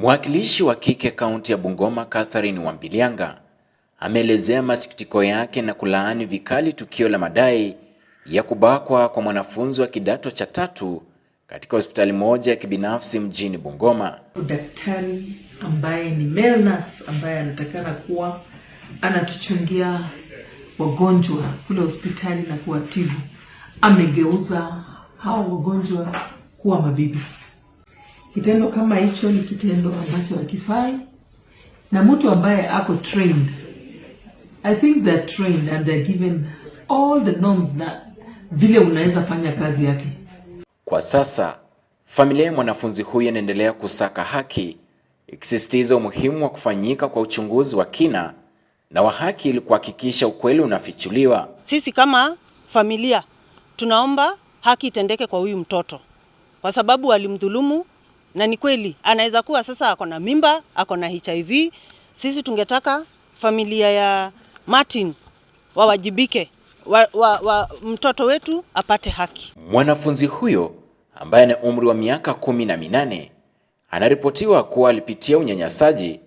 Mwakilishi wa kike kaunti ya Bungoma Catherine Wambilianga ameelezea masikitiko yake na kulaani vikali tukio la madai ya kubakwa kwa mwanafunzi wa kidato cha tatu katika hospitali moja ya kibinafsi mjini Bungoma. Daktari ambaye ni male nurse ambaye anatakana kuwa anatuchungia wagonjwa kule hospitali na kuwatibu amegeuza hao wagonjwa kuwa mabibi. Kitendo kama hicho ni kitendo ambacho hakifai, na mtu ambaye ako trained, I think they're trained and they're given all the norms na vile unaweza fanya kazi yake. Kwa sasa familia ya mwanafunzi huyu inaendelea kusaka haki, ikisisitiza umuhimu wa kufanyika kwa uchunguzi wa kina na wa haki ili kuhakikisha ukweli unafichuliwa. Sisi kama familia tunaomba haki itendeke kwa huyu mtoto kwa sababu alimdhulumu na ni kweli anaweza kuwa sasa ako na mimba, ako na HIV. Sisi tungetaka familia ya Martin wawajibike wa, wa, wa, mtoto wetu apate haki. Mwanafunzi huyo ambaye ana umri wa miaka kumi na minane anaripotiwa kuwa alipitia unyanyasaji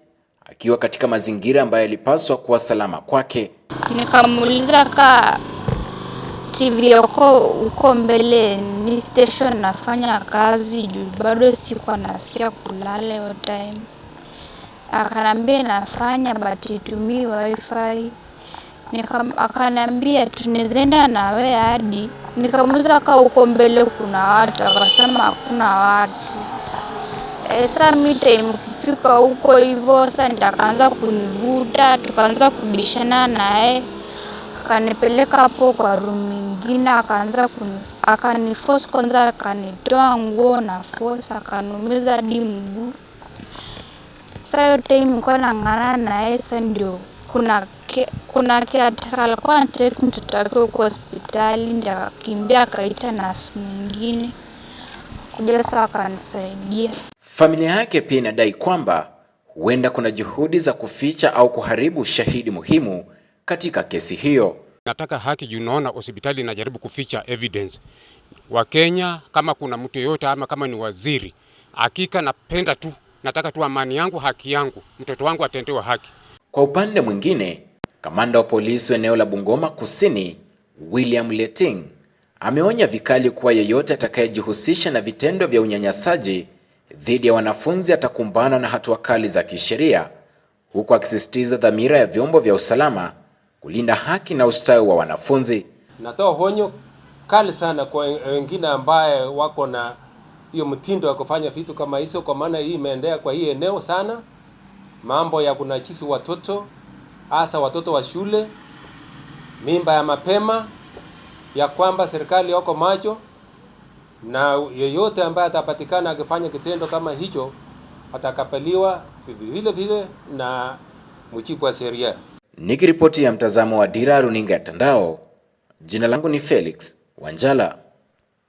akiwa katika mazingira ambayo yalipaswa kuwa salama kwake. Nikamuuliza ka TV yako uko mbele ni station nafanya kazi juu bado sikuwa nasikia kulala hiyo time. Akanambia nafanya but itumii wifi. akanambia tunaweza na we hadi. Nikamuuliza ka uko mbele kuna watu, akasema hakuna watu. Esa saa mi time kufika huko hivyo, sa nitakaanza kunivuta, tukaanza kubishana naye Akanipeleka hapo kwa room nyingine, akaanza akaniforce kwanza, akanitoa nguo na force, akanumiza hadi mguu. Sasa yote nilikuwa nang'ang'ana na yeye sasa ndio kuna ke, kuna caretaker alikuwa anatake mtoto wake huko hospitali, ndio akakimbia akaita nasi mwingine kuja sasa akanisaidia. Familia yake pia inadai kwamba huenda kuna juhudi za kuficha au kuharibu shahidi muhimu katika kesi hiyo. Nataka haki juu naona hospitali inajaribu kuficha evidence. Wakenya, kama kuna mtu yeyote ama kama ni waziri, hakika napenda tu, nataka tu amani yangu, haki yangu, mtoto wangu atendewe haki. Kwa upande mwingine, kamanda wa polisi wa eneo la Bungoma Kusini William Leting ameonya vikali kuwa yeyote atakayejihusisha na vitendo vya unyanyasaji dhidi ya wanafunzi atakumbana na hatua kali za kisheria, huku akisisitiza dhamira ya vyombo vya usalama kulinda haki na ustawi wa wanafunzi. Natoa honyo kali sana kwa wengine ambaye wako na hiyo mtindo wa kufanya vitu kama hizo, kwa maana hii imeendea kwa hii eneo sana, mambo ya kunachisi watoto, hasa watoto wa shule, mimba ya mapema, ya kwamba serikali wako macho na yeyote ambaye atapatikana akifanya kitendo kama hicho atakapeliwa vile vile na mujibu wa sheria. Nikiripoti ya mtazamo wa Dira Runinga ya Tandao, jina langu ni Felix Wanjala.